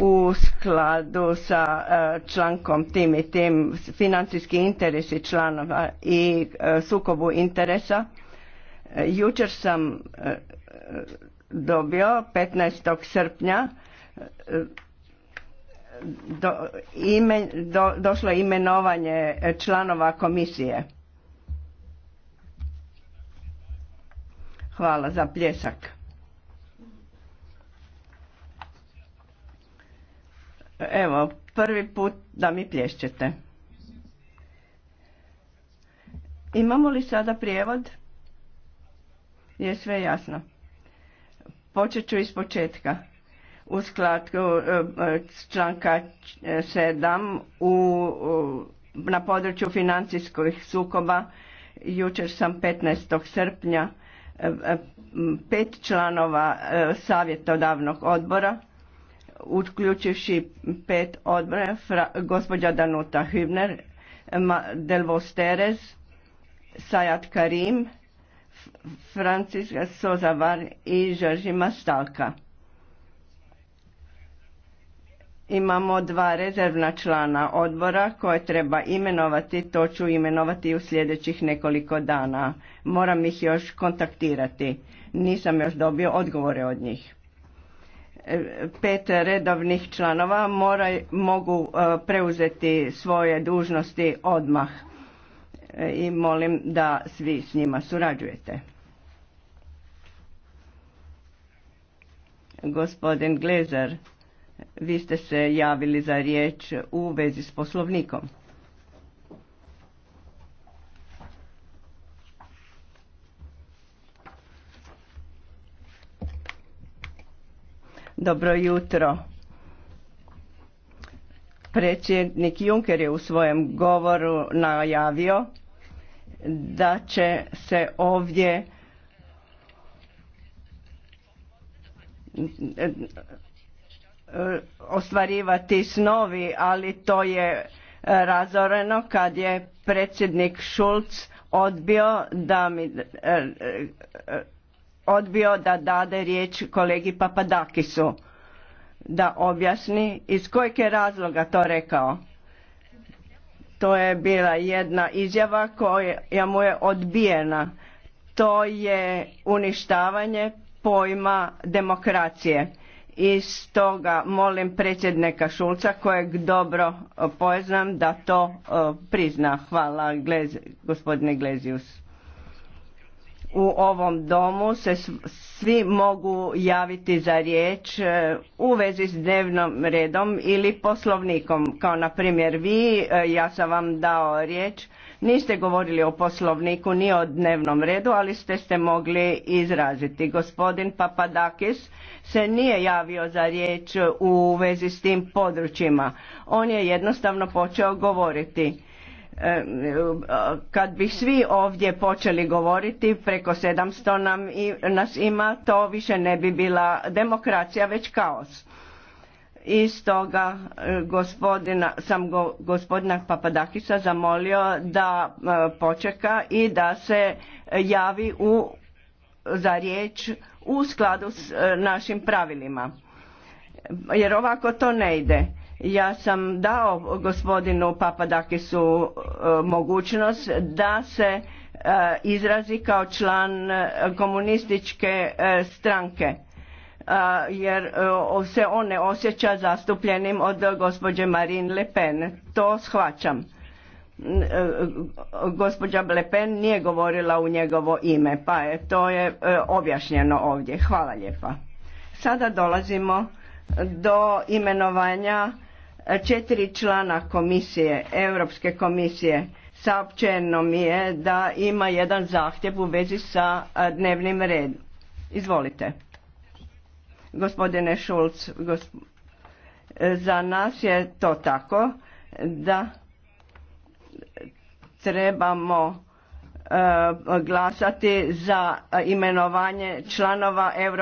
u skladu sa e, člankom tim i tim financijski interesi članova i e, sukobu interesa e, jučer sam dobio 15. srpnja do, ime, došlo imenovanje članova komisije. Hvala za pljesak. prvi put da mi plješćete. Imamo li sada prijevod? Je sve jasno. Počet ću iz početka. U skladku e, e, članka 7 e, na području financijskih sukoba jučer sam 15. srpnja pet članova savjetodavnog odbora uključivši pet odbora, gospođa Danuta Hübner, Delvos Teres, Sajat Karim, Franciska Sozavar i Žeržima Stalka. Imamo dva rezervna člana odbora koje treba imenovati, to ću imenovati u sljedećih nekoliko dana. Moram ih još kontaktirati, nisam još dobio odgovore od njih pet redovnih članova mora, mogu e, preuzeti svoje dužnosti odmah e, i molim da svi s njima surađujete. Gospodin Glezer, vi ste se javili za riječ u vezi s poslovnikom. Dobro jutro. Predsjednik Juncker je u svojem govoru najavio da će se ovdje eh, ostvarivati snovi, ali to je eh, razoreno kad je predsjednik Schulz odbio da mi eh, odbio da dade riječ kolegi Papadakisu da objasni iz kojeg je razloga to rekao. To je bila jedna izjava koja mu je odbijena. To je uništavanje pojma demokracije. I stoga molim predsjednika Šulca kojeg dobro poznam da to e, prizna. Hvala gospodine Glezius u ovom domu se svi mogu javiti za riječ e, u vezi s dnevnom redom ili poslovnikom. Kao na primjer vi, e, ja sam vam dao riječ, niste govorili o poslovniku ni o dnevnom redu, ali ste ste mogli izraziti. Gospodin Papadakis se nije javio za riječ u vezi s tim područjima. On je jednostavno počeo govoriti kad bi svi ovdje počeli govoriti preko 700 nam i, nas ima to više ne bi bila demokracija već kaos i stoga e, gospodina, sam go, gospodina Papadakisa zamolio da e, počeka i da se javi u, za riječ u skladu s e, našim pravilima jer ovako to ne ide ja sam dao gospodinu Papadakisu e, mogućnost da se e, izrazi kao član e, komunističke stranke jer se on ne osjeća zastupljenim od gospođe Marine Le Pen. To shvaćam. Gospođa Le Pen nije govorila u njegovo ime, pa je to je objašnjeno ovdje. Hvala lijepa. Sada dolazimo do imenovanja Četiri člana komisije, Europske komisije, saopćeno mi je da ima jedan zahtjev u vezi sa dnevnim redom. Izvolite. Gospodine Šulc, e, za nas je to tako da trebamo e, glasati za imenovanje članova EU,